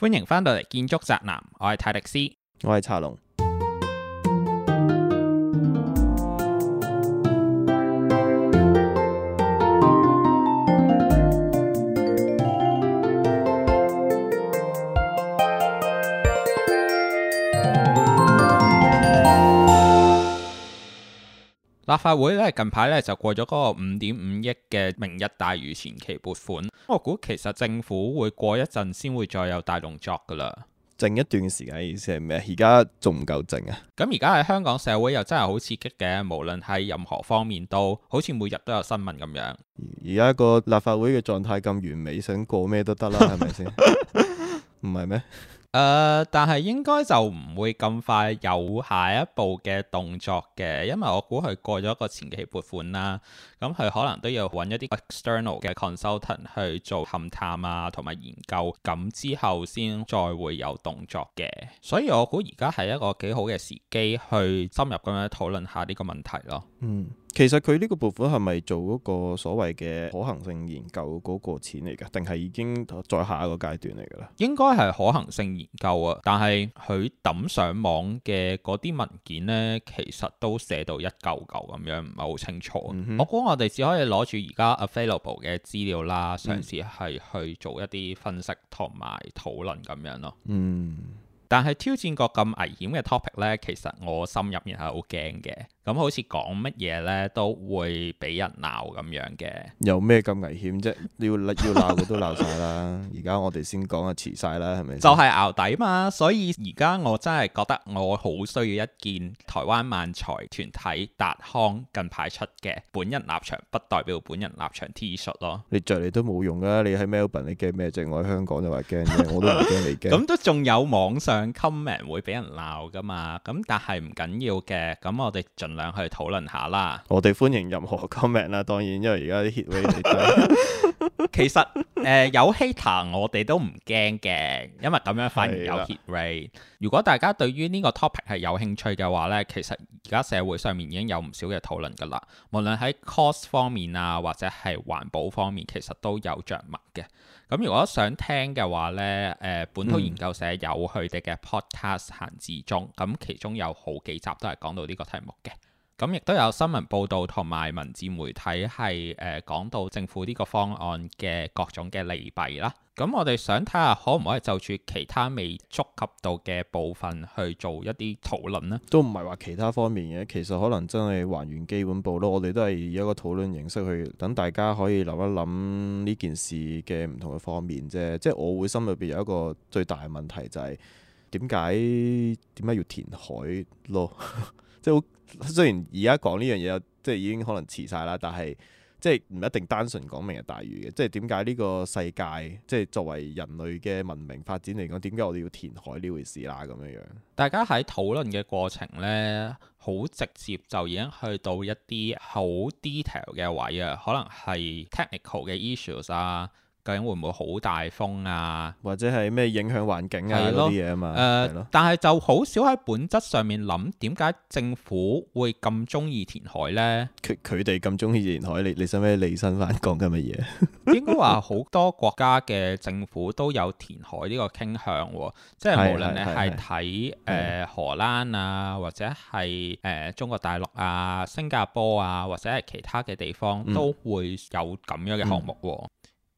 歡迎返到嚟《建築宅男》，我係泰迪斯，我係茶龍。立法會咧近排咧就過咗嗰個五點五億嘅明日大嶼前期撥款，我估其實政府會過一陣先會再有大動作㗎喇。靜一段時間意思係咩？而家仲唔夠靜啊？咁而家喺香港社會又真係好刺激嘅，無論喺任何方面都好似每日都有新聞咁樣。而家個立法會嘅狀態咁完美，想過咩都得啦，係咪先？唔係咩？誒、呃，但係應該就唔會咁快有下一步嘅動作嘅，因為我估佢過咗個前期撥款啦，咁佢可能都要搵一啲 external 嘅 consultant 去做勘探啊，同埋研究，咁之後先再會有動作嘅，所以我估而家係一個幾好嘅時機去深入咁樣討論下呢個問題咯。嗯。其實佢呢個部分係咪做嗰個所謂嘅可行性研究嗰個錢嚟噶？定係已經在下一個階段嚟噶啦？應該係可行性研究啊，但係佢抌上網嘅嗰啲文件呢，其實都寫到一嚿嚿咁樣，唔係好清楚。嗯、哼我估我哋只可以攞住而家 available 嘅資料啦，嘗試係去做一啲分析同埋討論咁樣咯。嗯，但係挑戰過咁危險嘅 topic 呢，其實我心入面係好驚嘅。咁好似講乜嘢咧，都會俾人鬧咁樣嘅。有咩咁危險啫？要要鬧嘅都鬧晒 啦。而家我哋先講啊，遲晒啦，係咪？就係咬底嘛。所以而家我真係覺得我好需要一件台灣漫才團體達康近排出嘅本人立場不代表本人立場 T 恤咯。你着你都冇用㗎。你喺 Melbourne 你驚咩啫？我喺香港就話驚啫，我都唔驚你驚。咁 都仲有網上 comment 會俾人鬧㗎嘛？咁但係唔緊要嘅。咁我哋盡想去討論下啦，我哋歡迎任何 comment 啦。當然，因為而家啲 heat 其實誒、呃、有 hater，我哋都唔驚嘅，因為咁樣反而有 hit rate。的如果大家對於呢個 topic 係有興趣嘅話呢，其實而家社會上面已經有唔少嘅討論噶啦。無論喺 cost 方面啊，或者係環保方面，其實都有着墨嘅。咁如果想聽嘅話呢，誒、呃、本土研究社有佢哋嘅 podcast 行、嗯、至中，咁其中有好幾集都係講到呢個題目嘅。咁亦都有新聞報道同埋文字媒體係誒講到政府呢個方案嘅各種嘅利弊啦。咁我哋想睇下可唔可以就住其他未觸及到嘅部分去做一啲討論呢？都唔係話其他方面嘅，其實可能真係還原基本步咯。我哋都係以一個討論形式去等大家可以諗一諗呢件事嘅唔同嘅方面啫。即係我會心裏邊有一個最大嘅問題就係點解點解要填海咯？ 即係雖然而家講呢樣嘢，即係已經可能遲晒啦，但係即係唔一定單純講明日大嶼嘅。即係點解呢個世界，即係作為人類嘅文明發展嚟講，點解我哋要填海呢回事啦？咁樣樣，大家喺討論嘅過程呢，好直接就已經去到一啲好 detail 嘅位啊，可能係 technical 嘅 issues 啊。究竟會唔會好大風啊？或者係咩影響環境啊？啲嘢啊嘛。誒、呃，的但係就好少喺本質上面諗，點解政府會咁中意填海咧？佢佢哋咁中意填海，你你使唔使理身翻講緊乜嘢？ 應該話好多國家嘅政府都有填海呢個傾向、啊，即係無論你係睇誒荷蘭啊，嗯、或者係誒、呃、中國大陸啊、新加坡啊，或者係其他嘅地方，都會有咁樣嘅項目、啊。嗯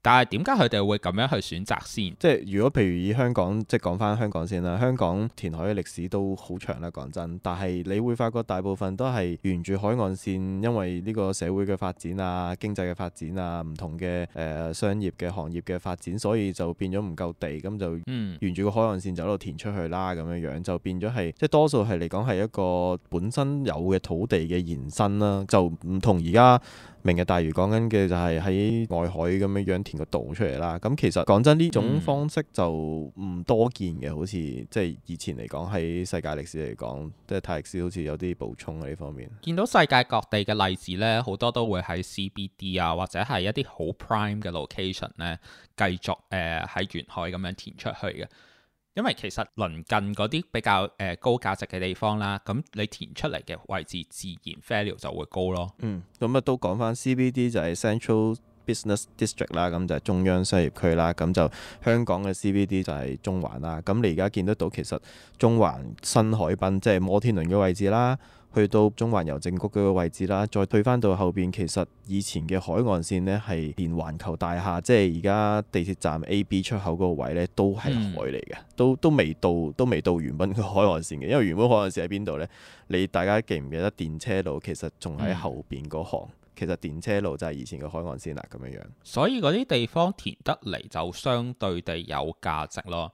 但係點解佢哋會咁樣去選擇先？即係如果譬如以香港，即係講返香港先啦，香港填海嘅歷史都好長啦，講真。但係你會發覺大部分都係沿住海岸線，因為呢個社會嘅發展啊、經濟嘅發展啊、唔同嘅誒、呃、商業嘅行業嘅發展，所以就變咗唔夠地，咁就沿住個海岸線就喺度填出去啦，咁樣樣就變咗係，嗯、即係多數係嚟講係一個本身有嘅土地嘅延伸啦，就唔同而家。明日大嶼講緊嘅就係喺外海咁樣樣填個島出嚟啦。咁其實講真呢種方式就唔多見嘅，嗯、好似即係以前嚟講喺世界歷史嚟講，即係泰歷斯好似有啲補充喺呢方面。見到世界各地嘅例子咧，好多都會喺 CBD 啊，或者係一啲好 prime 嘅 location 咧，繼續誒喺、呃、沿海咁樣填出去嘅。因為其實鄰近嗰啲比較誒、呃、高價值嘅地方啦，咁你填出嚟嘅位置自然 value 就會高咯。嗯，咁啊都講翻 CBD 就係 Central Business District 啦，咁就係中央商業區啦，咁就香港嘅 CBD 就係中環啦。咁你而家見得到其實中環新海濱即係摩天輪嘅位置啦。去到中環郵政局嗰位置啦，再退翻到後邊，其實以前嘅海岸線呢，係連環球大廈，即係而家地鐵站 A、B 出口嗰個位呢，嗯、都係海嚟嘅，都都未到都未到原本嘅海岸線嘅，因為原本海岸線喺邊度呢？你大家記唔記得電車路其實仲喺後邊嗰行？嗯、其實電車路就係以前嘅海岸線啦，咁樣樣。所以嗰啲地方填得嚟就相對地有價值咯。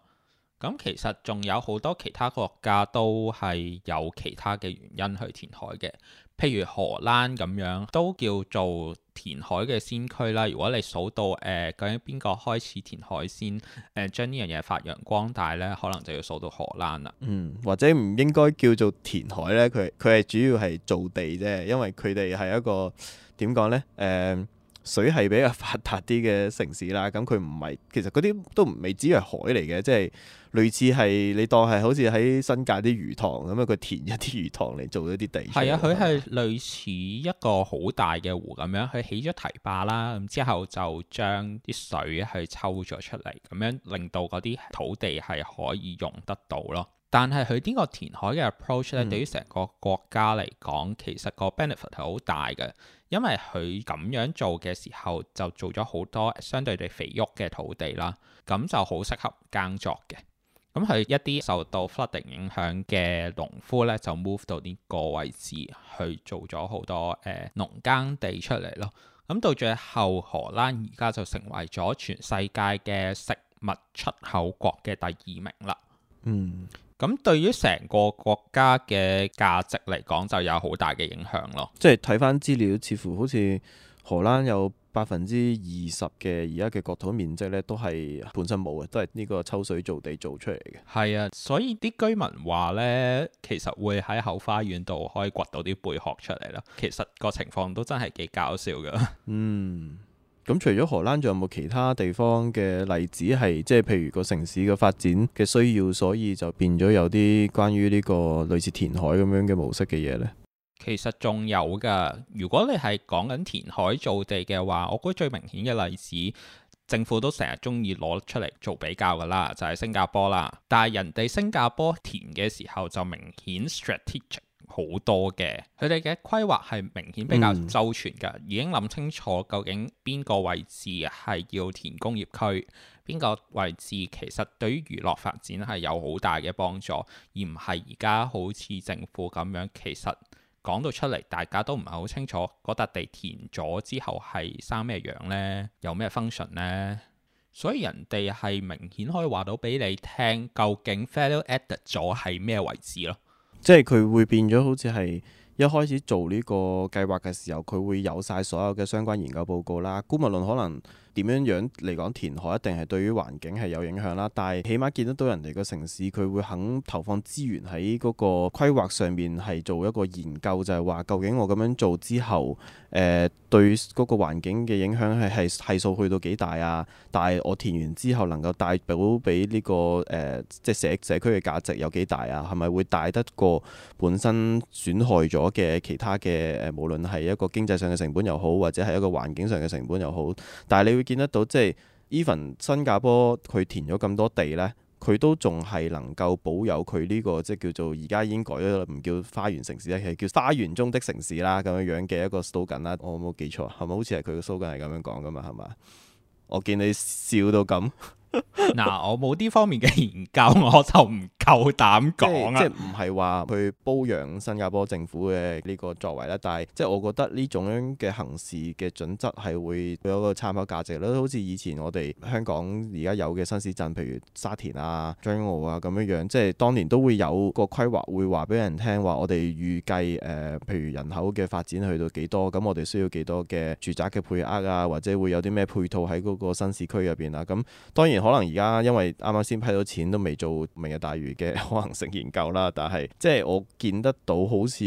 咁其實仲有好多其他國家都係有其他嘅原因去填海嘅，譬如荷蘭咁樣都叫做填海嘅先驅啦。如果你數到誒、呃、究竟邊個開始填海先，誒將呢樣嘢發揚光大呢，可能就要數到荷蘭啦。嗯，或者唔應該叫做填海呢？佢佢係主要係造地啫，因為佢哋係一個點講呢？誒、呃。水係比較發達啲嘅城市啦，咁佢唔係其實嗰啲都唔未止係海嚟嘅，即係類似係你當係好似喺新界啲魚塘咁樣，佢填一啲魚塘嚟做一啲地。係啊，佢係類似一個好大嘅湖咁樣，佢起咗堤壩啦，咁之後就將啲水去抽咗出嚟，咁樣令到嗰啲土地係可以用得到咯。但係佢呢個填海嘅 approach 咧、嗯，對於成個國家嚟講，其實個 benefit 係好大嘅。因為佢咁樣做嘅時候，就做咗好多相對地肥沃嘅土地啦，咁就好適合耕作嘅。咁佢一啲受到 flooding 影響嘅農夫呢，就 move 到呢個位置去做咗好多誒農耕地出嚟咯。咁到最後，荷蘭而家就成為咗全世界嘅食物出口國嘅第二名啦。嗯。咁對於成個國家嘅價值嚟講，就有好大嘅影響咯。即係睇翻資料，似乎好似荷蘭有百分之二十嘅而家嘅國土面積呢，都係本身冇嘅，都係呢個抽水造地做出嚟嘅。係啊，所以啲居民話呢，其實會喺後花園度可以掘到啲貝殼出嚟囉。其實個情況都真係幾搞笑噶。嗯。咁、嗯、除咗荷蘭，仲有冇其他地方嘅例子係，即係譬如個城市嘅發展嘅需要，所以就變咗有啲關於呢個類似填海咁樣嘅模式嘅嘢呢？其實仲有㗎，如果你係講緊填海造地嘅話，我覺得最明顯嘅例子，政府都成日鍾意攞出嚟做比較㗎啦，就係、是、新加坡啦。但係人哋新加坡填嘅時候就明顯 strategic。好多嘅，佢哋嘅規劃係明顯比較周全嘅，嗯、已經諗清楚究竟邊個位置係要填工業區，邊個位置其實對於娛樂發展係有好大嘅幫助，而唔係而家好似政府咁樣，其實講到出嚟大家都唔係好清楚嗰笪地填咗之後係生咩樣呢？有咩 function 呢？所以人哋係明顯可以話到俾你聽，究竟 value added 咗係咩位置咯？即係佢會變咗，好似係一開始做呢個計劃嘅時候，佢會有晒所有嘅相關研究報告啦。姑勿論可能。點樣樣嚟講，填海一定係對於環境係有影響啦，但係起碼見得到人哋個城市佢會肯投放資源喺嗰個規劃上面，係做一個研究，就係、是、話究竟我咁樣做之後，誒、呃、對嗰個環境嘅影響係係係數去到幾大啊？但係我填完之後能夠帶到俾呢個誒、呃、即係社社區嘅價值有幾大啊？係咪會大得過本身損害咗嘅其他嘅誒、呃、無論係一個經濟上嘅成本又好，或者係一個環境上嘅成本又好，但係你會。見得到即係 even 新加坡佢填咗咁多地呢，佢都仲係能夠保有佢呢、呢個即係叫做而家已經改咗唔叫花園城市啦，其實叫花園中的城市啦，咁樣樣嘅一個 slogan 啦，我冇記錯係咪？好似係佢個 slogan 係咁樣講噶嘛，係嘛？我見你笑到咁～ 嗱， 我冇啲方面嘅研究，我就唔夠膽講，即係唔係話去褒揚新加坡政府嘅呢個作為啦，但係即係我覺得呢種樣嘅行事嘅準則係會有一個參考價值啦。好似以前我哋香港而家有嘅新市鎮，譬如沙田啊、將軍澳啊咁樣樣，即係當年都會有個規劃，會話俾人聽話。我哋預計誒、呃，譬如人口嘅發展去到幾多，咁我哋需要幾多嘅住宅嘅配額啊，或者會有啲咩配套喺嗰個新市區入邊啊。咁當然。可能而家因為啱啱先批到錢，都未做明日大嶼嘅可行性研究啦。但係即係我見得到，好似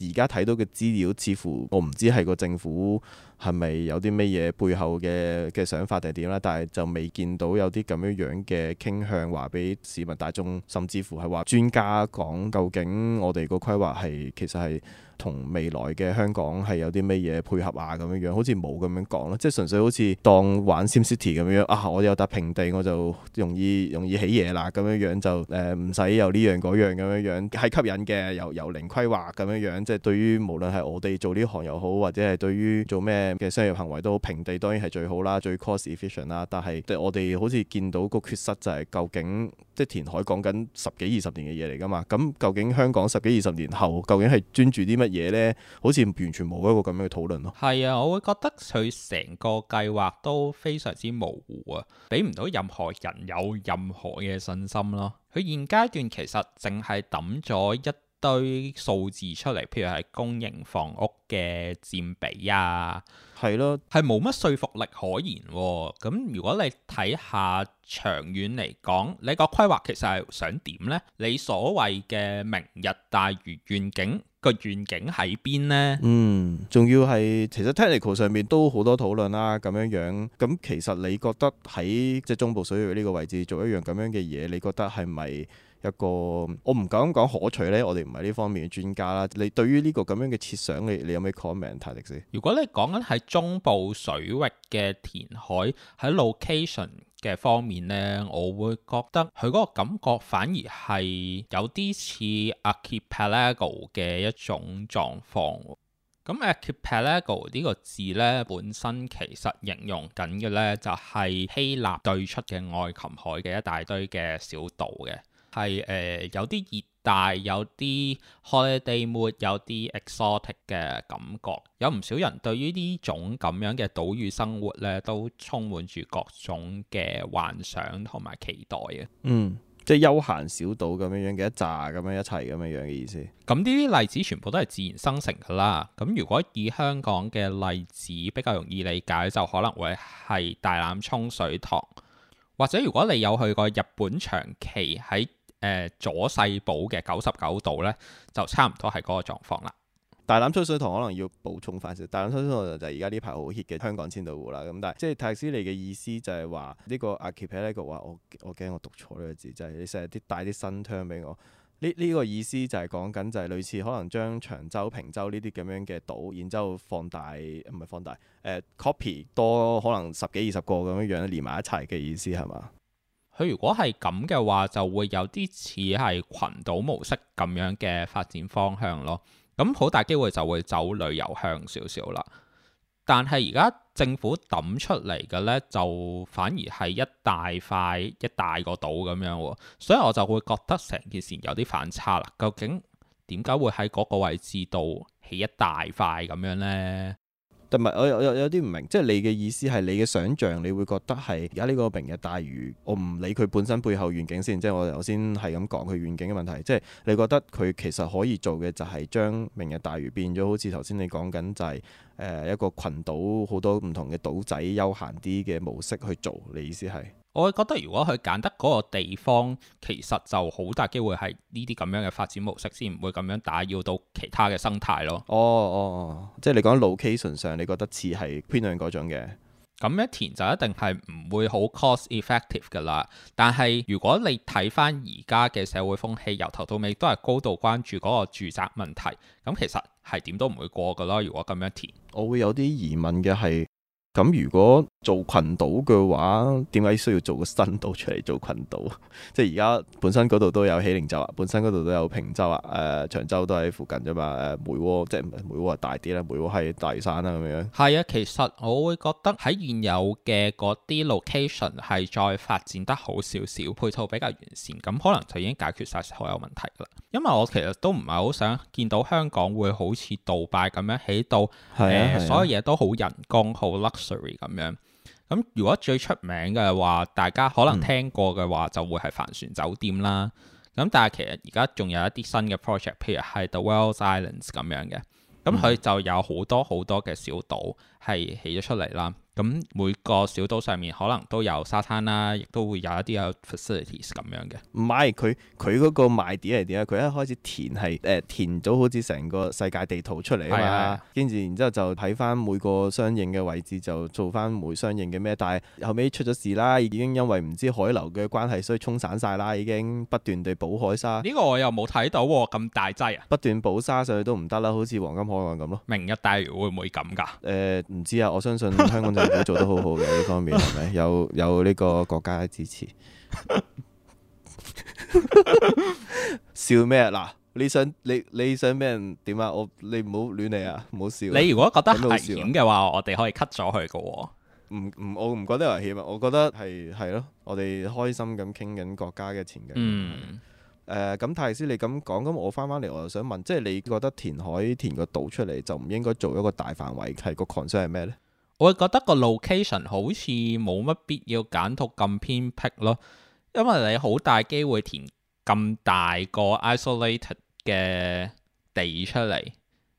而家睇到嘅資料，似乎我唔知係個政府係咪有啲咩嘢背後嘅嘅想法定係點啦，但係就未見到有啲咁樣樣嘅傾向，話俾市民大眾，甚至乎係話專家講究竟我哋個規劃係其實係。同未來嘅香港係有啲咩嘢配合啊，咁樣樣，好似冇咁樣講咯，即係純粹好似當玩 SimCity 咁樣啊！我有笪平地我就容易容易起嘢啦，咁樣就、呃、樣就誒唔使有呢樣嗰樣咁樣樣係吸引嘅，由由零規劃咁樣樣，即係對於無論係我哋做呢行又好，或者係對於做咩嘅商業行為都好，平地當然係最好啦，最 cost efficient 啦。但係我哋好似見到個缺失就係究竟即係填海講緊十幾二十年嘅嘢嚟㗎嘛？咁究竟香港十幾二十年後究竟係專注啲乜？嘢咧，好似完全冇一個咁樣嘅討論咯。係啊，我會覺得佢成個計劃都非常之模糊啊，俾唔到任何人有任何嘅信心咯。佢現階段其實淨係抌咗一堆數字出嚟，譬如係公營房屋嘅佔比啊，係咯，啊，係冇乜說服力可言，啊。咁如果你睇下長遠嚟講，你個規劃其實係想點呢？你所謂嘅明日大嶼願景？個願景喺邊呢？嗯，仲要係其實 technical 上面都好多討論啦，咁樣樣。咁其實你覺得喺即係中部水域呢個位置做一樣咁樣嘅嘢，你覺得係咪一個我唔敢講可取呢，我哋唔係呢方面嘅專家啦。你對於呢個咁樣嘅設想，你你有咩 comment，先？如果你講緊喺中部水域嘅填海喺 location。嘅方面呢，我會覺得佢嗰個感覺反而係有啲似 Archipelago 嘅一種狀況。咁 Archipelago 呢個字呢，本身其實形容緊嘅呢，就係希臘對出嘅愛琴海嘅一大堆嘅小島嘅。係誒、呃、有啲熱帶，有啲 holiday mood，有啲 exotic 嘅感覺，有唔少人對於呢種咁樣嘅島嶼生活呢，都充滿住各種嘅幻想同埋期待嘅。嗯，即係休閒小島咁樣樣，幾扎咁樣一齊咁樣樣嘅意思。咁呢啲例子全部都係自然生成噶啦。咁如果以香港嘅例子比較容易理解，就可能會係大欖涌水塘，或者如果你有去過日本長期喺～誒、呃、左勢堡嘅九十九度咧，就差唔多係嗰個狀況啦。大膽吹水堂可能要補充翻少少，大膽吹水堂就就係而家呢排好 hit 嘅香港千島湖啦。咁但係即係泰斯尼嘅意思就係話呢個阿 Kipper 咧，佢話我我驚我讀錯呢個字，就係、是、你成日啲帶啲新 term 俾我。呢呢、這個意思就係講緊就係類似可能將長洲、坪洲呢啲咁樣嘅島，然之後放大唔係放大誒、呃、copy 多可能十幾二十個咁樣樣連埋一齊嘅意思係嘛？佢如果係咁嘅話，就會有啲似係群島模式咁樣嘅發展方向咯。咁好大機會就會走旅遊向少少啦。但係而家政府抌出嚟嘅呢，就反而係一大塊一大個島咁樣喎，所以我就會覺得成件事有啲反差啦。究竟點解會喺嗰個位置度起一大塊咁樣呢？但係我有我有啲唔明，即係你嘅意思係你嘅想像，你會覺得係而家呢個明日大嶼，我唔理佢本身背後願景先，即係我哋頭先係咁講佢願景嘅問題，即係你覺得佢其實可以做嘅就係將明日大嶼變咗好似頭先你講緊就係誒一個群島好多唔同嘅島仔休閒啲嘅模式去做，你意思係？我會覺得如果佢揀得嗰個地方，其實就好大機會係呢啲咁樣嘅發展模式，先唔會咁樣打擾到其他嘅生態咯。哦哦，哦，即係你講 location 上，你覺得似係飼養嗰種嘅。咁樣填就一定係唔會好 cost effective 㗎啦。但係如果你睇翻而家嘅社會風氣，由頭到尾都係高度關注嗰個住宅問題，咁其實係點都唔會過㗎咯。如果咁樣填，我會有啲疑問嘅係。咁如果做群島嘅話，點解需要做個新島出嚟做群島？即係而家本身嗰度都有喜靈洲啊，本身嗰度都有平洲啊，誒、呃、長洲都喺附近啫嘛。誒梅窩即係唔係梅窩大啲啦，梅窩係大嶼山啦、啊、咁樣。係啊，其實我會覺得喺現有嘅嗰啲 location 係再發展得好少少，配套比較完善，咁可能就已經解決晒所有問題啦。因為我其實都唔係好想見到香港會好似杜拜咁樣起到，誒、呃啊啊、所有嘢都好人工，好咁樣咁，如果最出名嘅話，大家可能聽過嘅話、嗯、就會係帆船酒店啦。咁但係其實而家仲有一啲新嘅 project，譬如係 The Wells Islands 咁樣嘅，咁、嗯、佢、嗯、就有好多好多嘅小島係起咗出嚟啦。咁每個小島上面可能都有沙灘啦，亦都會有一啲有 facilities 咁樣嘅。唔係，佢佢嗰個賣點係點啊？佢一開始填係誒、呃、填咗好似成個世界地圖出嚟啊嘛，跟住然之後就睇翻每個相應嘅位置就做翻每相應嘅咩，但係後尾出咗事啦，已經因為唔知海流嘅關係，所以沖散晒啦，已經不斷地補海沙。呢個我又冇睇到喎、哦，咁大劑啊！不斷補沙上去都唔得啦，好似黃金海岸咁咯。明日大嶼會唔會咁㗎？誒唔、呃、知啊，我相信香港就。 做得好好嘅呢方面，係咪有有呢個國家嘅支持？笑咩？嗱，你想你你想俾人點啊？我你唔好亂嚟啊！唔好笑。你如果覺得危險嘅話，我哋可以 cut 咗佢嘅。唔唔，我唔覺得危險，我覺得係係咯，我哋開心咁傾緊國家嘅前景。咁、嗯呃、泰師你咁講，咁我翻翻嚟，我又想問，即係你覺得填海填個島出嚟，就唔應該做一個大範圍，係、個 concern 係咩呢？我覺得個 location 好似冇乜必要揀到咁偏僻咯，因為你好大機會填咁大個 isolated 嘅地出嚟，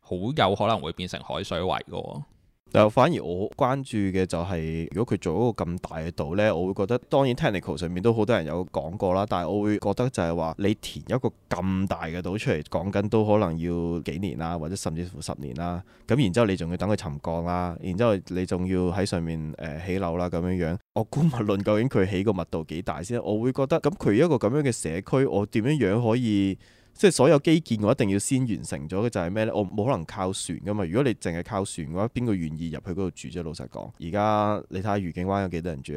好有可能會變成海水圍嘅。嗱，反而我關注嘅就係，如果佢做一個咁大嘅島呢，我會覺得當然 technical 上面都好多人有講過啦，但係我會覺得就係話，你填一個咁大嘅島出嚟，講緊都可能要幾年啦，或者甚至乎十年啦，咁然之後你仲要等佢沉降啦，然之後你仲要喺上面誒、呃、起樓啦咁樣樣，我估無論究竟佢起個密度幾大先，我會覺得咁佢一個咁樣嘅社區，我點樣樣可以？即係所有基建，我一定要先完成咗嘅就係咩呢？我冇可能靠船噶嘛！如果你淨係靠船嘅話，邊個願意入去嗰度住啫？老實講，而家你睇下愉景灣有幾多人住？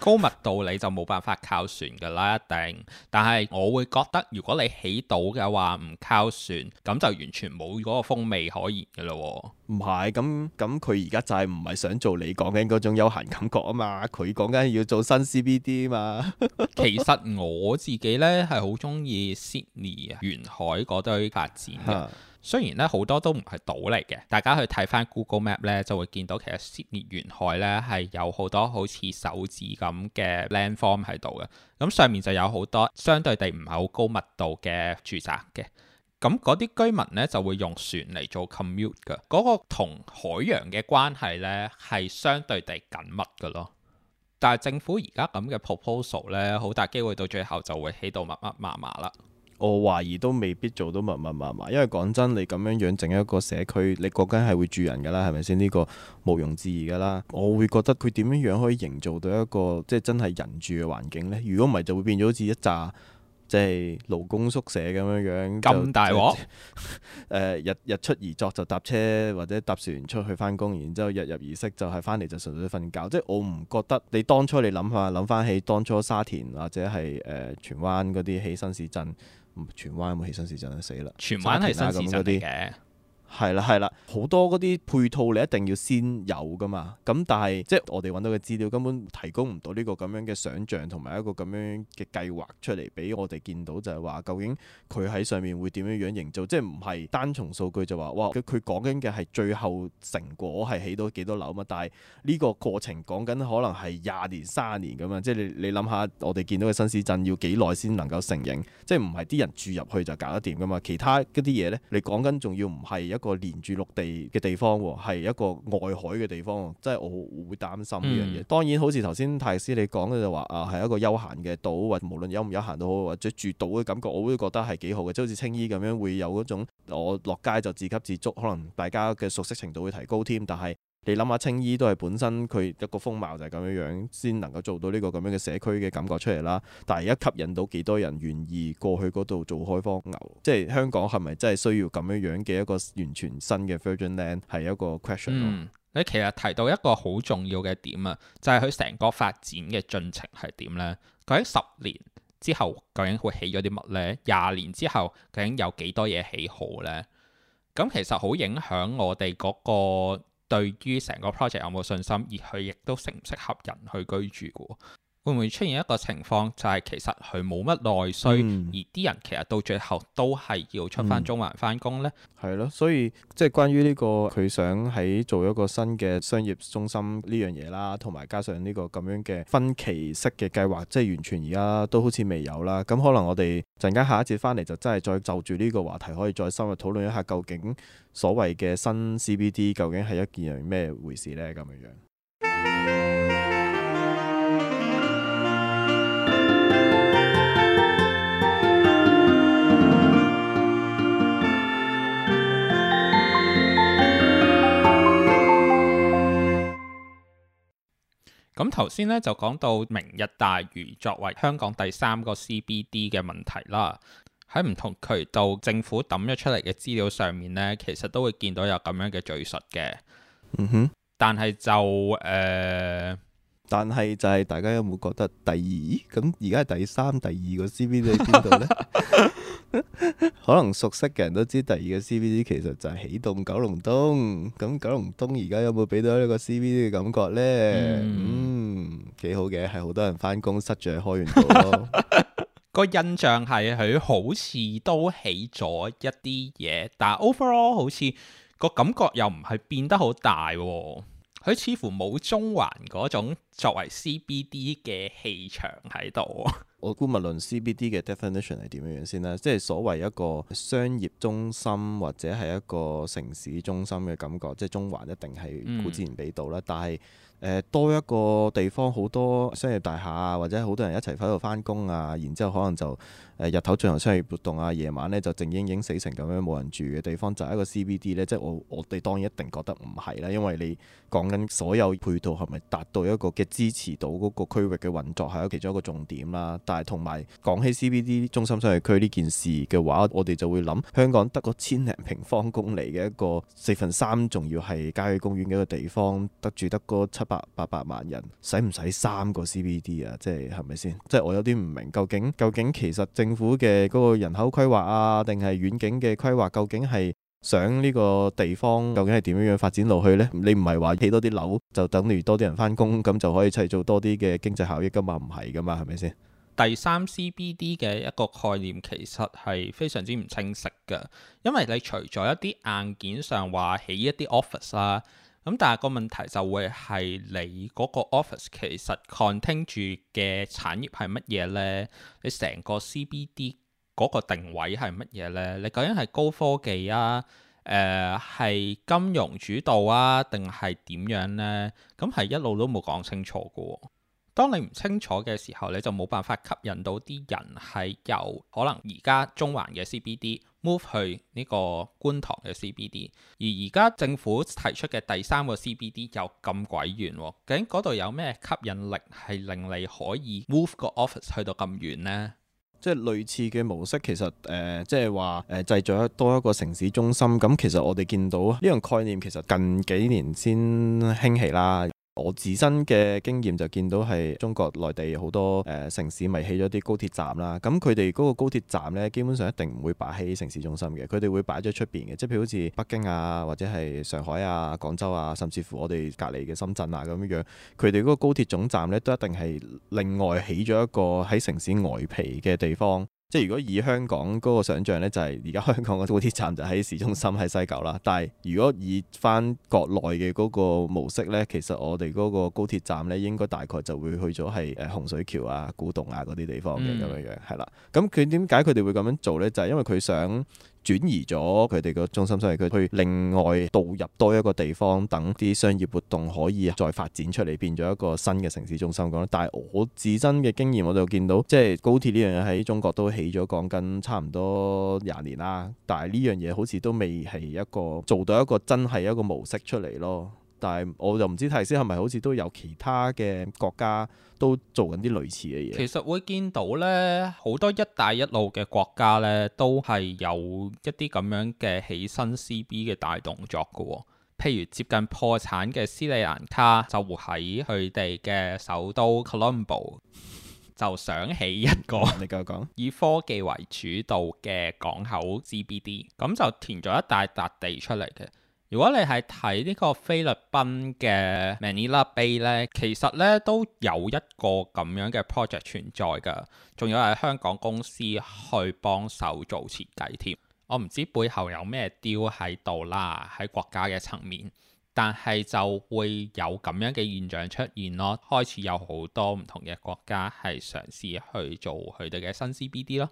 高密度你就冇辦法靠船噶啦，一定。但係我會覺得，如果你起島嘅話唔靠船，咁就完全冇嗰個風味可言嘅咯。唔係咁咁，佢而家就係唔係想做你講緊嗰種休閒感覺啊嘛？佢講緊要做新 CBD 啊嘛。 其實我自己呢係好中意 Sydney 沿海嗰堆發展嘅，哈雖然呢好多都唔係島嚟嘅。大家去睇翻 Google Map 呢，就會見到其實 Sydney 沿海呢係有好多好似手指咁嘅 landform 喺度嘅，咁上面就有好多相對地唔係好高密度嘅住宅嘅。咁嗰啲居民呢，就會用船嚟做 commute 嘅，嗰個同海洋嘅關係呢，係相對地緊密嘅咯。但係政府而家咁嘅 proposal 呢，好大機會到最後就會起到密密麻麻啦。我懷疑都未必做到密密麻麻，因為講真，你咁樣樣整一個社區，你嗰間係會住人㗎啦，係咪先？呢個毋庸置疑㗎啦。我會覺得佢點樣樣可以營造到一個即係真係人住嘅環境呢？如果唔係，就會變咗好似一紮。即係勞工宿舍咁樣樣，咁大鑊？ 日日出而作就搭車或者搭船出去返工，然之後日入而息就係返嚟就純粹瞓覺。即係我唔覺得你當初你諗下，諗翻起當初沙田或者係誒、呃、荃灣嗰啲起新市鎮，唔荃灣冇起新市鎮都死啦。荃灣係沙田、啊、荃灣係新市鎮嘅。係啦，係啦，好多嗰啲配套你一定要先有噶嘛。咁但係即係我哋揾到嘅資料根本提供唔到呢個咁樣嘅想像同埋一個咁樣嘅計劃出嚟俾我哋見到，就係話究竟佢喺上面會點樣樣營造，即係唔係單從數據就話哇佢佢講緊嘅係最後成果係起到幾多樓啊？但係呢個過程講緊可能係廿年、三十年噶嘛。即係你你諗下，我哋見到嘅新市鎮要幾耐先能夠成形？即係唔係啲人住入去就搞得掂噶嘛？其他嗰啲嘢呢，你講緊仲要唔係一個連住陸地嘅地方，係一個外海嘅地方，真係我會擔心呢樣嘢。Mm hmm. 當然，好似頭先泰斯你講嘅就話啊，係一個休閒嘅島，或無論休唔休閒都好，或者住島嘅感覺，我都覺得係幾好嘅，即係好似青衣咁樣，會有嗰種我落街就自給自足，可能大家嘅熟悉程度會提高添。但係你諗下，青衣都係本身佢一個風貌就係咁樣樣，先能夠做到呢個咁樣嘅社區嘅感覺出嚟啦。但係而家吸引到幾多人願意過去嗰度做開荒牛，即係香港係咪真係需要咁樣樣嘅一個完全新嘅 Virgin Land 係一個 question 咯、嗯？你其實提到一個好重要嘅點啊，就係佢成個發展嘅進程係點呢？究竟十年之後究竟會起咗啲乜呢？廿年之後究竟有幾多嘢起好呢？咁其實好影響我哋嗰、嗰個。對於成個 project 有冇信心，而佢亦都適唔適合人去居住嘅喎。會唔會出現一個情況，就係其實佢冇乜內需，嗯、而啲人其實到最後都係要出翻中環翻工呢？係咯，所以即係關於呢、呢個佢想喺做一個新嘅商業中心呢樣嘢啦，同埋加上呢個咁樣嘅分期式嘅計劃，即係完全而家都好似未有啦。咁可能我哋陣間下一節翻嚟就真係再就住呢個話題，可以再深入討論一下，究竟所謂嘅新 CBD 究竟係一件咩回事呢？咁樣樣。嗯咁頭先咧就講到明日大嶼作為香港第三個 CBD 嘅問題啦，喺唔同渠道政府抌咗出嚟嘅資料上面呢，其實都會見到有咁樣嘅敘述嘅。嗯哼，但係就誒，呃、但係就係大家有冇覺得第二？咁而家係第三、第二個 CBD 喺邊度呢？ 可能熟悉嘅人都知，第二個 CBD 其實就係起動九龍東。咁九龍東而家有冇俾到呢個 CBD 嘅感覺呢？嗯，嗯，幾好嘅，係好多人翻工，塞住開完道咯。個印象係佢好似都起咗一啲嘢，但係 overall 好似個感覺又唔係變得好大，哦。佢似乎冇中環嗰種作為 CBD 嘅氣場喺度。 我估物論 CBD 嘅 definition 係點樣樣先啦，即係所謂一個商業中心或者係一個城市中心嘅感覺，即係中環一定係固之然俾到啦，嗯、但係。誒多一個地方，好多商業大廈啊，或者好多人一齊喺度返工啊，然之後可能就誒、呃、日頭進行商業活動啊，夜晚呢就靜英英死成咁樣冇人住嘅地方，就係、是、一個 CBD 呢，即係我我哋當然一定覺得唔係啦，因為你講緊所有配套係咪達到一個嘅支持到嗰個區域嘅運作係一個其中一個重點啦。但係同埋講起 CBD 中心商業區呢件事嘅話，我哋就會諗香港得嗰千零平方公里嘅一個四分三，仲要係郊野公園嘅一個地方得住得嗰七百八百萬人，使唔使三個 CBD 啊？即係係咪先？即係、就是、我有啲唔明，究竟究竟其實政府嘅嗰個人口規劃啊，定係遠景嘅規劃，究竟係想呢個地方究竟係點樣樣發展落去呢？你唔係話起多啲樓就等於多啲人返工，咁就可以製造多啲嘅經濟效益噶嘛？唔係噶嘛？係咪先？第三 CBD 嘅一個概念其實係非常之唔清晰嘅，因為你除咗一啲硬件上話起一啲 office 啊。咁但係個問題就會係你嗰個 office 其實 conting 住嘅產業係乜嘢呢？你成個 CBD 嗰個定位係乜嘢呢？你究竟係高科技啊？誒、呃、係金融主導啊？定係點樣呢？咁係一路都冇講清楚嘅喎、哦。當你唔清楚嘅時候，你就冇辦法吸引到啲人係由可能而家中環嘅 CBD move 去呢個觀塘嘅 CBD，而而家政府提出嘅第三個 CBD 又咁鬼遠喎，究竟嗰度有咩吸引力係令你可以 move 個 office 去到咁遠呢？即係類似嘅模式，其實誒、呃，即係話誒，製、呃、造多一個城市中心。咁其實我哋見到呢樣概念，其實近幾年先興起啦。我自身嘅經驗就見到係中國內地好多誒、呃、城市，咪起咗啲高鐵站啦。咁佢哋嗰個高鐵站呢，基本上一定唔會擺喺城市中心嘅，佢哋會擺咗出邊嘅。即係譬如好似北京啊，或者係上海啊、廣州啊，甚至乎我哋隔離嘅深圳啊咁樣樣，佢哋嗰個高鐵總站呢，都一定係另外起咗一個喺城市外皮嘅地方。即係如果以香港嗰個想象呢，就係而家香港嘅高鐵站就喺市中心，喺西九啦。但係如果以返國內嘅嗰個模式呢，其實我哋嗰個高鐵站呢，應該大概就會去咗係誒、洪水橋啊、古洞啊嗰啲地方嘅咁樣樣，係、嗯、啦。咁佢點解佢哋會咁樣做呢？就係、是、因為佢想。轉移咗佢哋個中心，所以佢去另外導入多一個地方，等啲商業活動可以再發展出嚟，變咗一個新嘅城市中心咁咯。但係我自身嘅經驗，我就見到即係高鐵呢樣嘢喺中國都起咗講緊差唔多廿年啦，但係呢樣嘢好似都未係一個做到一個真係一個模式出嚟咯。但係，我就唔知睇先係咪好似都有其他嘅國家都做緊啲類似嘅嘢。其實會見到呢，好多一帶一路嘅國家呢，都係有一啲咁樣嘅起新 CBD 嘅大動作嘅喎、哦。譬如接近破產嘅斯里蘭卡，就喺佢哋嘅首都 Colombo 就想起一個、嗯，你繼續講，以科技為主導嘅港口 CBD 咁就填咗一大笪地出嚟嘅。如果你係睇呢個菲律賓嘅 Manila Bay 呢，其實呢都有一個咁樣嘅 project 存在㗎，仲有係香港公司去幫手做設計添。我唔知背後有咩雕喺度啦，喺國家嘅層面，但係就會有咁樣嘅現象出現咯，開始有好多唔同嘅國家係嘗試去做佢哋嘅新 CBD 咯。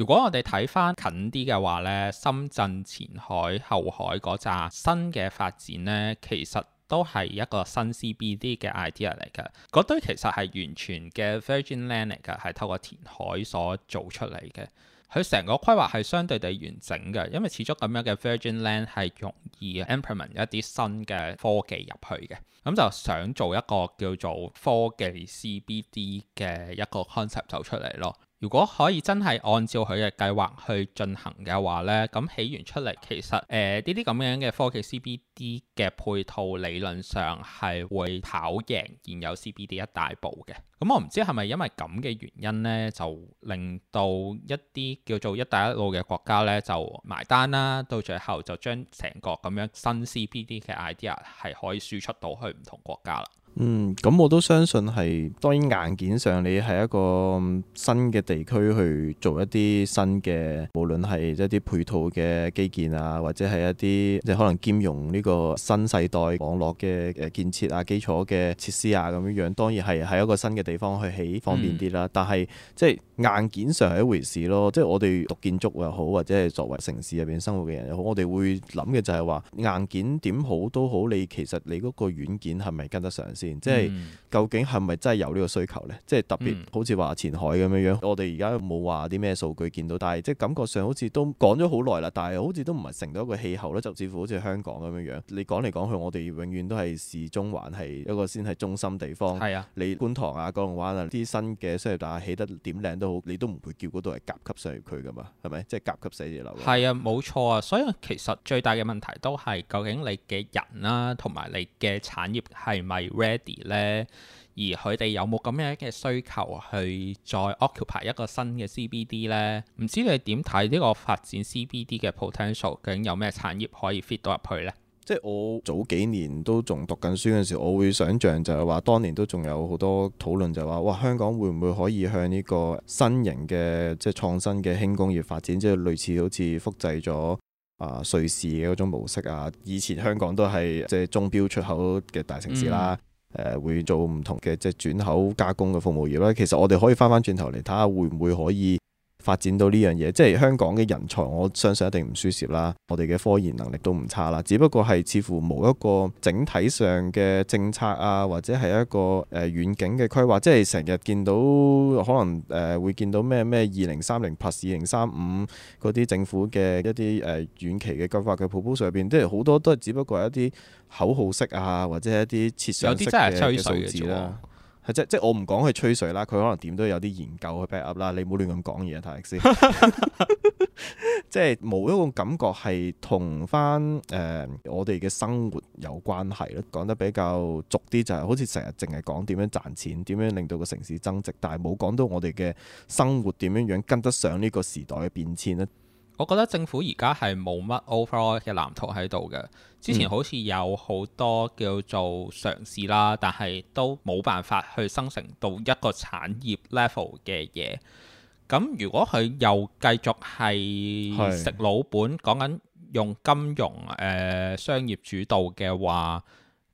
如果我哋睇翻近啲嘅話呢，深圳前海、後海嗰扎新嘅發展呢，其實都係一個新 CBD 嘅 idea 嚟㗎。嗰堆其實係完全嘅 virgin land 嚟㗎，係透過填海所做出嚟嘅。佢成個規劃係相對地完整嘅，因為始終咁樣嘅 virgin land 係容易 implement 一啲新嘅科技入去嘅。咁就想做一個叫做科技 CBD 嘅一個 concept 走出嚟咯。如果可以真係按照佢嘅計劃去進行嘅話呢，咁起源出嚟其實誒呢啲咁樣嘅科技 CBD 嘅配套，理論上係會跑贏現有 CBD 一大步嘅。咁我唔知係咪因為咁嘅原因呢，就令到一啲叫做一帶一路嘅國家呢就埋單啦，到最後就將成個咁樣新 CBD 嘅 idea 係可以輸出到去唔同國家啦。嗯，咁我都相信係當然硬件上你係一個新嘅地區去做一啲新嘅，無論係一啲配套嘅基建啊，或者係一啲即係可能兼容呢個新世代網絡嘅誒建設啊、基礎嘅設施啊咁樣樣，當然係喺一個新嘅地方去起方便啲啦。嗯、但係即係硬件上係一回事咯，即係我哋讀建築又好，或者係作為城市入邊生活嘅人又好，我哋會諗嘅就係話硬件點好都好，你其實你嗰個軟件係咪跟得上？嗯、即係究竟係咪真係有呢個需求呢？即係特別好似話前海咁樣樣，嗯、我哋而家冇話啲咩數據見到，但係即係感覺上好似都講咗好耐啦。但係好似都唔係成到一個氣候咧，就似乎好似香港咁樣樣。你講嚟講去，我哋永遠都係市中環係一個先係中心地方。係啊，你觀塘啊、九龍灣啊啲新嘅商業大廈起得點靚都好，你都唔會叫嗰度係甲級商業區噶嘛？係咪？即係甲級寫字樓？係啊，冇錯啊。所以其實最大嘅問題都係究竟你嘅人啦、啊，同埋你嘅產業係咪？咧，而佢哋有冇咁樣嘅需求去再 occupy 一個新嘅 CBD 呢？唔知你點睇呢個發展 CBD 嘅 potential，究竟有咩產業可以 fit 到入去呢？即係我早幾年都仲讀緊書嘅時候，我會想象就係話，當年都仲有好多討論，就話哇，香港會唔會可以向呢個新型嘅即係創新嘅輕工業發展，即係類似好似複製咗啊瑞士嘅嗰種模式啊？以前香港都係即係鐘表出口嘅大城市啦。嗯誒會做唔同嘅即係轉口加工嘅服務業啦，其實我哋可以翻翻轉頭嚟睇下會唔會可以。發展到呢樣嘢，即係香港嘅人才，我相信一定唔輸蝕啦。我哋嘅科研能力都唔差啦，只不過係似乎冇一個整體上嘅政策啊，或者係一個誒遠景嘅規劃。即係成日見到可能誒會見到咩咩二零三零 plus 二零三五嗰啲政府嘅一啲誒遠期嘅規劃嘅 proposal 上邊，即係好多都係只不過係一啲口號式啊，或者一啲設想式，有啲真係吹水嘅數字咯。係即係即係我唔講佢吹水啦，佢可能點都有啲研究去 back up 啦。你唔好亂咁講嘢，泰歷斯， 即係冇一種感覺係同翻誒我哋嘅生活有關係咯。講得比較俗啲就係、是、好似成日淨係講點樣賺錢，點樣令到個城市增值，但係冇講到我哋嘅生活點樣樣跟得上呢個時代嘅變遷咧。我覺得政府而家係冇乜 overall 嘅藍圖喺度嘅。之前好似有好多叫做嘗試啦，但係都冇辦法去生成到一個產業 level 嘅嘢。咁如果佢又繼續係食老本，講緊是用金融誒、呃、商業主導嘅話，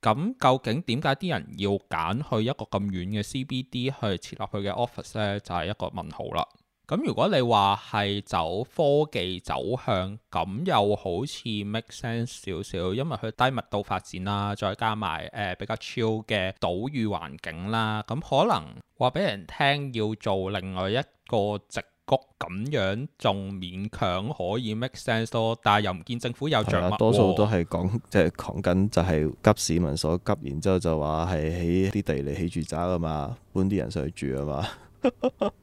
咁究竟點解啲人要揀去一個咁遠嘅 CBD 去設立佢嘅 office 呢？就係、是、一個問號啦。咁如果你話係走科技走向，咁又好似 make sense 少少，因為佢低密度發展啦，再加埋誒、呃、比較超嘅島嶼環境啦，咁可能話俾人聽要做另外一個直谷咁樣，仲勉強可以 make sense 咯，但係又唔見政府有獎、啊啊、多數都係講即係講緊就係、是、急市民所急，然之後就話係起啲地嚟起住宅啊嘛，搬啲人上去住啊嘛。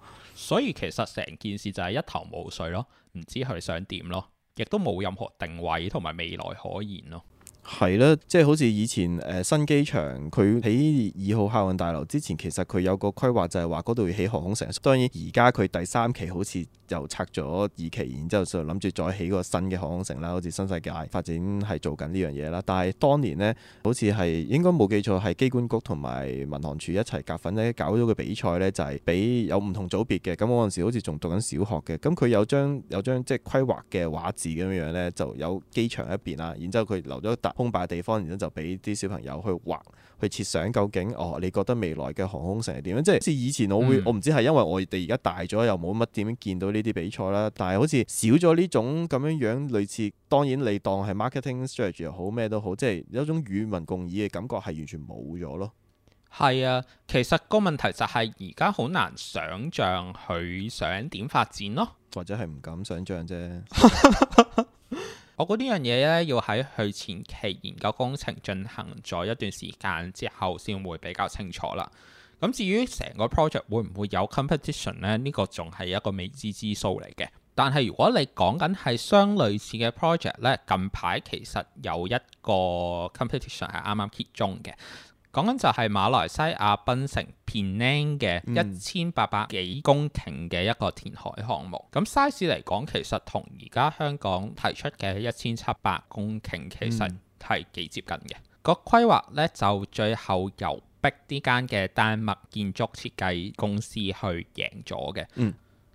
所以其實成件事就係一頭霧水咯，唔知佢想點咯，亦都冇任何定位同埋未來可言咯。係啦，即係好似以前誒、呃、新機場，佢喺二號客運大樓之前，其實佢有個規劃就係話嗰度要起航空城。當然而家佢第三期好似又拆咗二期，然之後就諗住再起個新嘅航空城啦，好似新世界發展係做緊呢樣嘢啦。但係當年呢，好似係應該冇記錯，係機管局同埋民航處一齊夾份呢搞咗個比賽呢就係畀有唔同組別嘅。咁我嗰時好似仲讀緊小學嘅，咁佢有張有張即係規劃嘅畫紙咁樣樣呢，就有機場一邊啦，然之後佢留咗空白地方，然後就俾啲小朋友去畫、去設想，究竟哦，你覺得未來嘅航空城係點樣？即係以前，我會、嗯、我唔知係因為我哋而家大咗，又冇乜點樣見到呢啲比賽啦。但係好似少咗呢種咁樣樣類似，當然你當係 marketing strategy 又好咩都好，即係有一種與民共議嘅感覺，係完全冇咗咯。係啊，其實個問題就係而家好難想像佢想點發展咯，或者係唔敢想像啫。 我覺呢樣嘢咧，要喺佢前期研究工程進行咗一段時間之後，先會比較清楚啦。咁至於成個 project 會唔會有 competition 呢？呢、呢個仲係一個未知之數嚟嘅。但係如果你講緊係相類似嘅 project 呢，近排其實有一個 competition 係啱啱揭盅嘅。講緊就係馬來西亞檳城、Penang 嘅一千八百幾公頃嘅一個填海項目，咁 size 嚟講，其實同而家香港提出嘅一千七百公頃其實係幾接近嘅。嗯、個規劃呢，就最後由 BIG 呢間嘅丹麥建築設計公司去贏咗嘅。嗯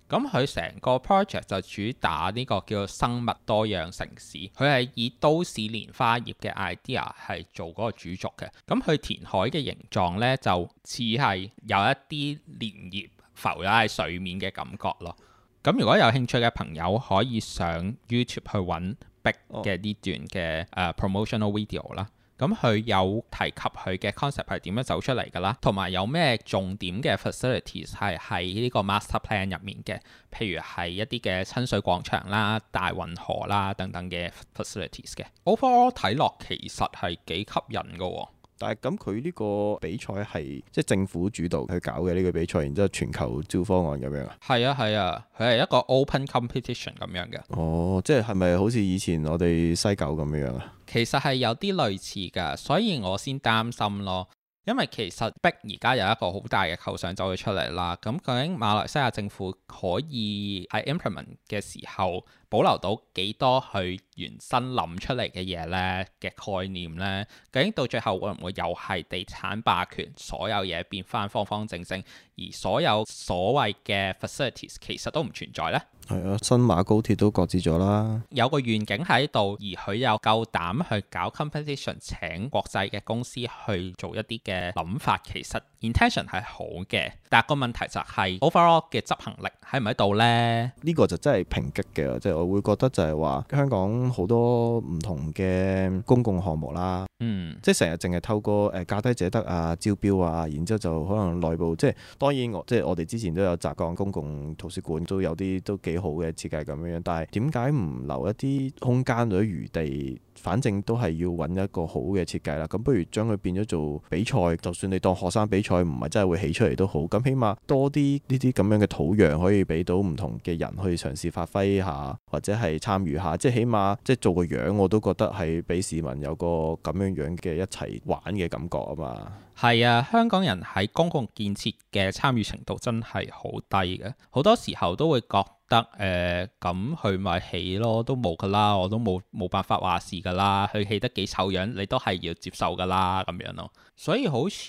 咁佢成個 project 就主打呢個叫做生物多樣城市，佢係以都市蓮花葉嘅 idea 係做嗰個主軸嘅。咁佢填海嘅形狀呢，就似係有一啲蓮葉浮喺水面嘅感覺咯。咁如果有興趣嘅朋友，可以上 YouTube 去揾 BIG 嘅呢段嘅、oh. uh, promotional video 啦。咁佢有提及佢嘅 concept 係點樣走出嚟噶啦，同埋有咩重點嘅 facilities 係喺呢個 master plan 入面嘅，譬如係一啲嘅親水廣場啦、大運河啦等等嘅 facilities 嘅。Overall 睇落其實係幾吸引噶喎，但係咁佢呢個比賽係即係政府主導佢搞嘅呢個比賽，然之後全球招方案咁樣啊？係啊係啊，佢係一個 open competition 咁樣嘅。哦，即係係咪好似以前我哋西九咁樣啊？其實係有啲類似㗎，所以我先擔心咯。因為其實逼而家有一個好大嘅構想就會出嚟啦。咁究竟馬來西亞政府可以喺 implement 嘅時候，保留到幾多佢原生諗出嚟嘅嘢呢？嘅概念呢，究竟到最後會唔會又係地產霸權，所有嘢變返方方正正，而所有所謂嘅 facilities 其實都唔存在呢？係啊，新馬高鐵都擱置咗啦。有個願景喺度，而佢又夠膽去搞 competition，請國際嘅公司去做一啲嘅諗法。其實 intention 係好嘅，但個問題就係、是、overall 嘅執行力喺唔喺度呢？呢個就真係瓶頸嘅，即係。會覺得就係話香港好多唔同嘅公共項目啦，嗯，即係成日淨係透過誒，價低者得啊、招標啊，然之後就可能內部，即係當然我即係，我哋之前都有習慣公共圖書館都有啲都幾好嘅設計咁樣，但係點解唔留一啲空間或者餘地？反正都係要揾一個好嘅設計啦，咁不如將佢變咗做比賽，就算你當學生比賽唔係真係會起出嚟都好，咁起碼多啲呢啲咁樣嘅土壤可以俾到唔同嘅人去嘗試發揮下，或者係參與下，即係起碼即係做個樣我都覺得係俾市民有個咁樣樣嘅一齊玩嘅感覺啊嘛。係啊，香港人喺公共建設嘅參與程度真係好低嘅，好多時候都會覺。得誒，咁佢咪起咯，都冇㗎啦，我都冇冇辦法話事㗎啦。佢起得幾醜樣，你都係要接受㗎啦，咁樣咯。所以好似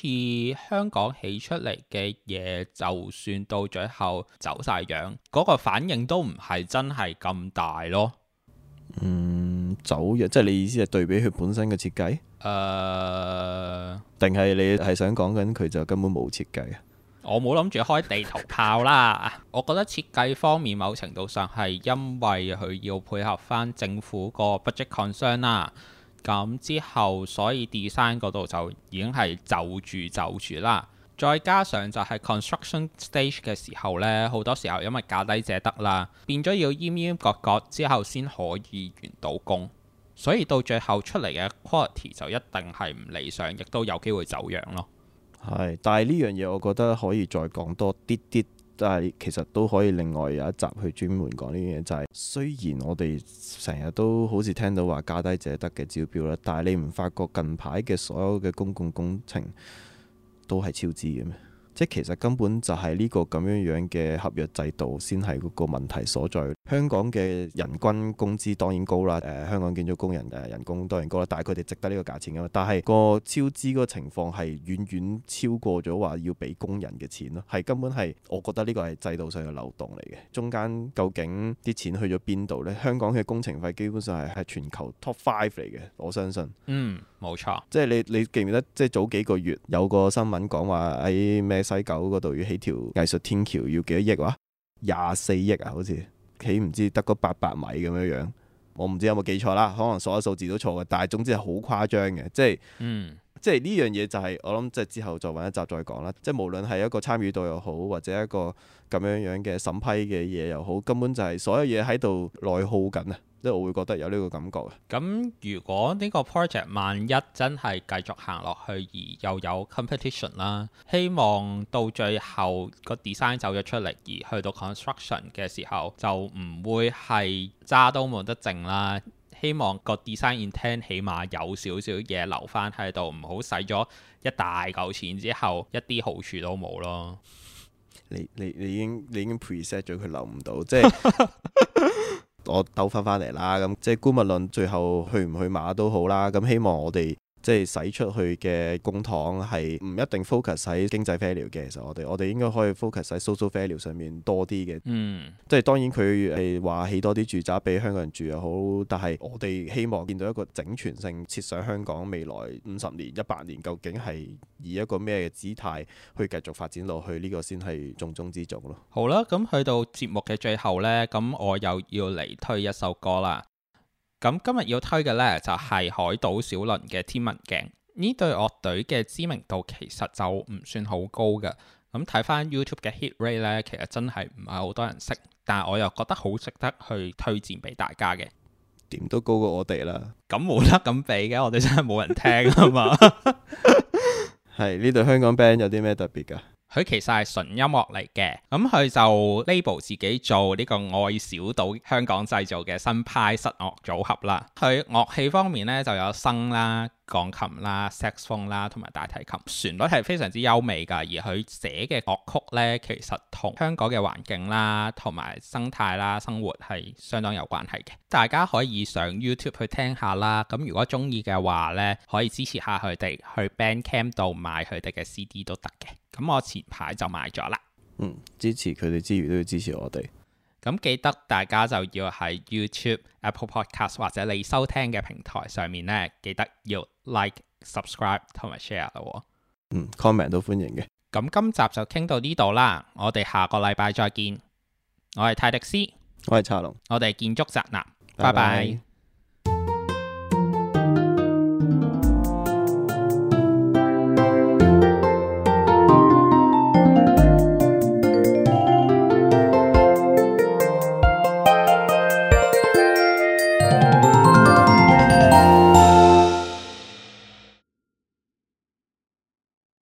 香港起出嚟嘅嘢，就算到最後走晒樣，嗰個反應都唔係真係咁大咯。嗯，走樣即係你意思係對比佢本身嘅設計？誒、呃，定係你係想講緊佢就根本冇設計啊？我冇諗住開地圖炮啦！ 我覺得設計方面某程度上係因為佢要配合翻政府個 budget constraint 啦，咁之後所以 design 嗰度就已經係就住就住啦。再加上就係 construction stage 嘅時候呢，好多時候因為價低者得啦，變咗要閹閹割割之後先可以完到工，所以到最後出嚟嘅 quality 就一定係唔理想，亦都有機會走樣咯。係，但係呢樣嘢我覺得可以再講多啲啲，但係其實都可以另外有一集去專門講呢樣嘢。就係、是、雖然我哋成日都好似聽到話價低者得嘅招標啦，但係你唔發覺近排嘅所有嘅公共工程都係超支嘅咩？即其實根本就係呢個咁樣樣嘅合約制度先係個問題所在。香港嘅人均工資當然高啦，誒、呃、香港建築工人嘅人工當然高啦，但係佢哋值得呢個價錢㗎嘛。但係個超支嗰個情況係遠遠超過咗話要俾工人嘅錢咯，係根本係我覺得呢個係制度上嘅漏洞嚟嘅。中間究竟啲錢去咗邊度呢？香港嘅工程費基本上係係全球 top five 嚟嘅，我相信。嗯。冇錯，即係你你記唔記得？即係早幾個月有個新聞講話喺咩西九嗰度要起條藝術天橋要，要幾多億話？廿四億啊，好似起唔知得嗰八百米咁樣樣。我唔知有冇記錯啦，可能所有數字都錯嘅。但係總之係好誇張嘅，即係嗯。即係呢樣嘢就係、係、我諗，即係之後再揾一集再講啦。即係無論係一個參與度又好，或者一個咁樣樣嘅審批嘅嘢又好，根本就係所有嘢喺度內耗緊啊！即係我會覺得有呢個感覺啊。咁、嗯、如果呢個 project 萬一真係繼續行落去，而又有 competition 啦，希望到最後，個 design 走咗出嚟，而去到 construction 嘅時候，就唔會係渣都冇得剩啦。希望個 design intent 起碼有少少嘢留翻喺度，唔好使咗一大嚿錢之後一啲好處都冇咯。你你你已經你已經 preset 咗佢留唔到，即係 我兜翻翻嚟啦。咁即係姑勿論，最後去唔去馬都好啦。咁希望我哋。即係使出去嘅公帑係唔一定 focus 喺經濟 failure 嘅，其實我哋我哋應該可以 focus 喺 social failure 上面多啲嘅。嗯，即係當然佢係話起多啲住宅俾香港人住又好，但係我哋希望見到一個整全性設想香港未來五十年、一百年究竟係以一個咩嘅姿態去繼續發展落去，呢個先係重中之重咯。好啦，咁去到節目嘅最後呢，咁我又要嚟推一首歌啦。咁今日要推嘅呢，就係海島小輪嘅天文鏡。呢對樂隊嘅知名度其實就唔算好高嘅，咁睇翻 YouTube 嘅 hit rate 呢，其實真係唔係好多人識，但係我又覺得好值得去推薦俾大家嘅，點都高過我哋啦。咁冇得咁比嘅，我哋真係冇人聽啊嘛。係，呢 對香港 band 有啲咩特別噶？佢其實係純音樂嚟嘅，咁、嗯、佢就 label 自己做呢個愛小島香港製造嘅新派室樂組合啦。佢樂器方面呢，就有笙啦、鋼琴啦、saxophone 啦同埋大提琴，旋律係非常之優美㗎。而佢寫嘅樂曲呢，其實同香港嘅環境啦、同埋生態啦、生活係相當有關係嘅。大家可以上 YouTube 去聽下啦。咁如果鍾意嘅話呢，可以支持下佢哋去 Bandcamp 度買佢哋嘅 CD 都得嘅。咁我前排就買咗啦。嗯，支持佢哋之餘都要支持我哋。咁記得大家就要喺 YouTube、Apple Podcast 或者你收聽嘅平台上面呢，記得要 Like、Subscribe 同埋 Share 咯。嗯，Comment 都歡迎嘅。咁今集就傾到呢度啦，我哋下個禮拜再見。我係泰迪斯，我係茶龍，我哋建築宅男，拜拜。拜拜。